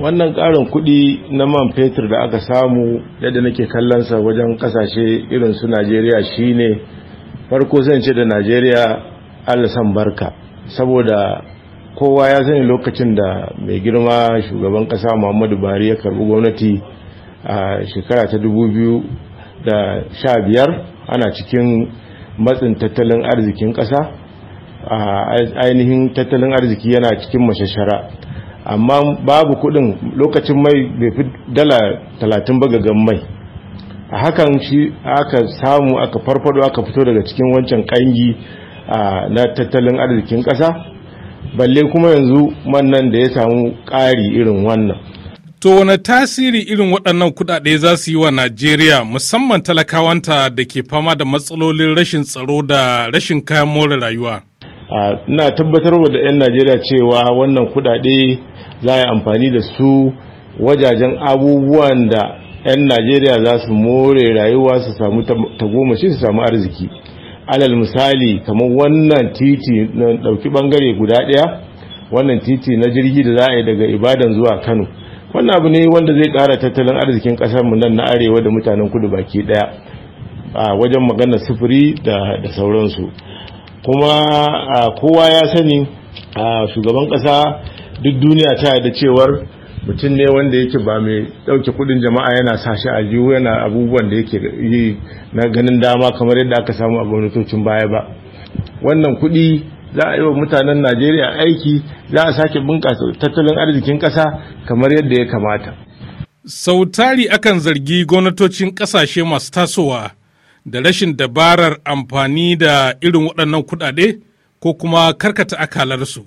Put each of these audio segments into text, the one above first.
wannan karin kudi na man fetur da aka samu yadda nake kallonsa wajen kasashe irin su najeriya shine farko zan ce da najeriya allasan barka saboda kowa ya sani lokacin da mai girma shugaban kasa muhammadu buhari ya karbi gwamnati a shekara ta dubu biyu da sha biyar ana cikin matsin tattalin arzikin ƙasa ainihin tattalin arziki yana cikin mashashara amma babu kudin lokacin mai bai fi dala talatin bagagan mai a hakan shi aka samu aka farfado aka fito daga cikin wancan kangi na tattalin arzikin ƙasa balle kuma yanzu mannan da ya samu ƙari irin wannan to wani tasiri irin waɗannan kuɗaɗe za su yi wa najeriya musamman talakawanta da ke fama da matsalolin rashin tsaro da rashin kayan more rayuwa ina tabbatar da 'yan najeriya cewa wannan kudade za a yi amfani da su wajajen abubuwan da 'yan najeriya za su more rayuwa su samu tagomashi su samu arziki alal misali kamar wannan titi na dauki bangare guda daya wannan titi na jirgi da za a yi daga ibadan zuwa kano wannan abu ne wanda zai kara tattalin arzikin kasar mu nan na arewa da mutanen kudu baki daya a wajen maganar sufuri da sauransu kuma a kowa ya sani a shugaban ƙasa duk duniya ta da cewar mutum ne wanda yake ba mai dauke kuɗin jama'a yana sa shi a yiwu yana abubuwan da yake yi na ganin dama kamar yadda aka samu a gwamnatocin baya ba wannan kuɗi za a yi wa mutanen najeriya aiki za a sake bunƙasa tattalin arzikin ƙasa kamar yadda ya kamata Sautari akan zargi gwamnatocin ƙasashe masu tasowa da rashin dabarar amfani da irin waɗannan kuɗaɗe ko kuma karkata akalarsu.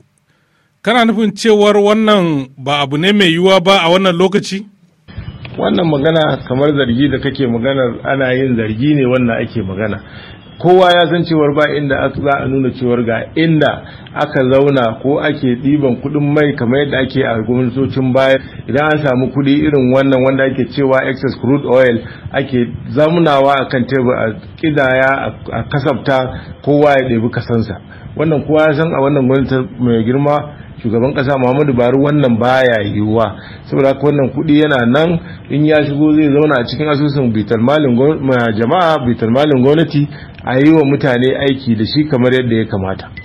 Kana nufin cewar wannan ba abu ne mai yiwuwa ba a wannan lokaci? Wannan magana kamar zargi da kake maganar ana yin zargi ne wannan ake magana. kowa ya san cewar ba inda za a nuna cewar ga inda aka zauna ko ake ɗiban kuɗin mai kamar yadda ake a gwamnatocin baya idan an samu kuɗi irin wannan wanda ake cewa excess crude oil ake zamunawa a kan tebur a ƙidaya a kasafta kowa ya ɗebi kasansa wannan kowa ya san a wannan gwamnati mai girma shugaban kasa muhammadu bari wannan baya yiwuwa saboda haka wannan kuɗi yana nan in ya shigo zai zauna a cikin asusun bitar malin jama'a bitar malin gwamnati a yi wa mutane aiki da shi kamar yadda ya kamata